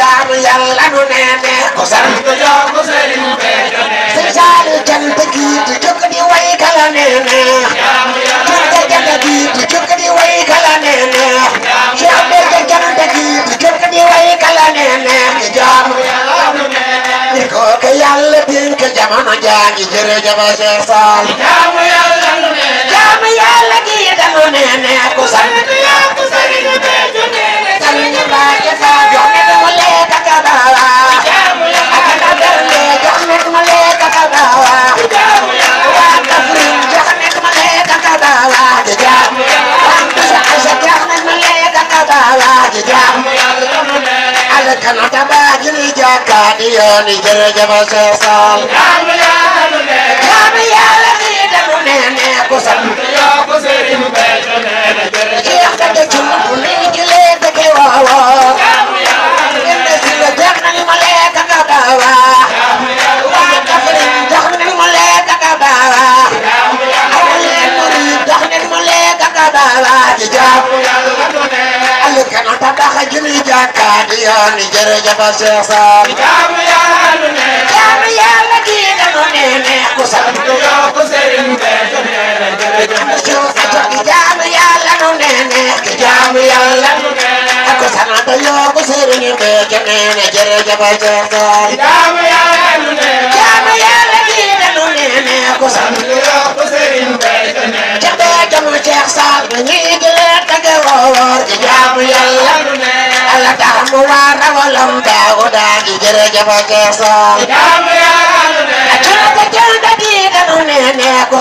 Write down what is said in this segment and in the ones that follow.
jaamu yàlla nu nee nee ko sant yoo ko sëriñ bee jo nee. sëriñ Saalu cant gii di jóg di way kala nee nee. jaamu yàlla nu nee nee cant gii di jóg di way kala nee nee. jaamu yàlla nu nee nee cant gii di jóg di way kala nee nee. jaamu yàlla nu nee nee. ni ko ke yàlla dénk jamono jaa ngi jërëjëf Cheikh Sall. jaamu yàlla nu nee nee. jaamu yàlla gii danu nee nee ko sant. kana tabajini jaka diyoni jirjama sesal kami yalune kami yalune dalune ne kusam yo kusirim bejune ne jirjama sesal kata chumune jile take wawa kami yalune ne sila jagna ni maleka kabawa kami yalune wa kafirin jagna ni maleka kabawa kami yalune murid jagna ni maleka kabawa jijabu yalune kanata daxa julli jàkkaat yoon yi jërëjëf Cheikh Saar. jaamu yàlla lu ne. jaamu yàlla kii dañu ne ne ku sant yow ku sëriñ bee ju ne ne jërëjëf Cheikh Saar. jaamu yàlla lu ne ne. jaamu yàlla lu ne ne. ku sant yow ku sëriñ bee ju ne ne jërëjëf Cheikh Saar. jaamu yàlla lu ne. jaamu yàlla kii dañu ne ne ku sant yow ku sëriñ bee ju ne ne. jërëjëf Cheikh Saar. dañuy gën a tàggat. ko waa rawalam daago daagi jërëjëf ak Saal. jaamu yaa la ne. ak coono jël dadi danu ne ne ko.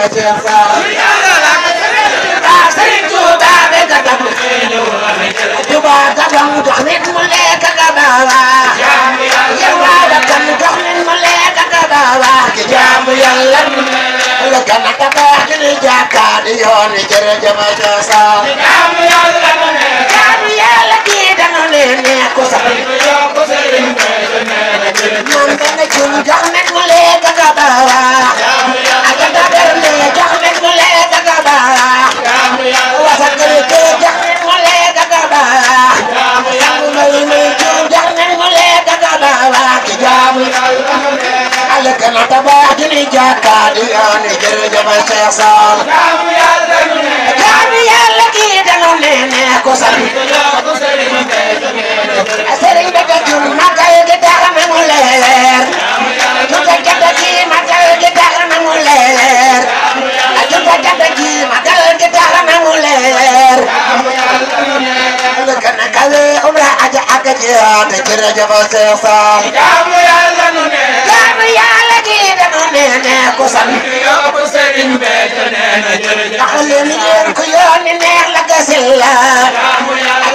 ma Cheikh Fall. Sëriñ Tuuba be ka dam juba ka dam dox nit mu lekk ka baawa yawa da kan dox nit mu lekk ka baawa ki jaamu Yàlla la kan ka baax ki ni jàkkaar di yoon ni jërëjëf ma Cheikh Fall لك نتباعد لجاك ديان جرجب الشيخ صال جامي يالك يدنو ليني كسر jihaad ci Rajab seesaan jaamu yàlla nu ne jaamu yàlla gi danu ne ne ku san yóbb sëriñ Béthio nee na jërëjëf ndax leen yéen ku yooni neex la gasil la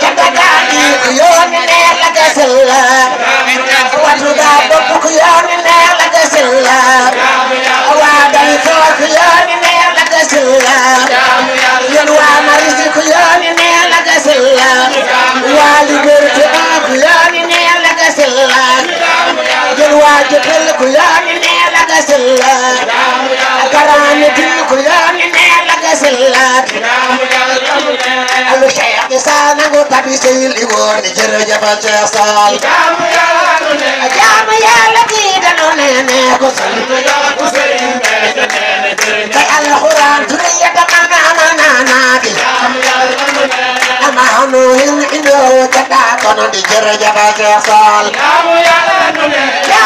ca dagaani ku yooni neex la gasil la watu daa bopp ku yooni neex la gasil la waa dal foo ku yooni neex la gasil la yéen waa marisi ku yooni neex أجر الكيان نيل قسلات أكرام دين كيان نيل قسلات الشيخ سانا قطبي سيلي ورد جرجة فالشيصال جام يا لقيد نونيني قسل كي القرآن تريد من أمانا نادي أما هنوهن إنه تداتنا دي جرجة فالشيصال جام يا لقيد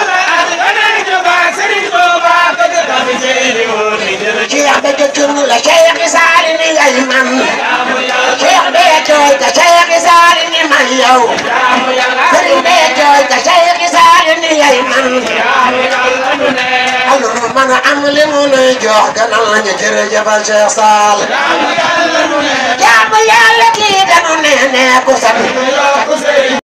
بجتن لشيخ سالم الأيمن شيخ بيتوي كشيخ سالم من يو فري بيتوي كشيخ سالم الأيمن أنا من عمل من جوح كان جرجب الشيخ سالم يا بيالك يدنوني نيكو سبيل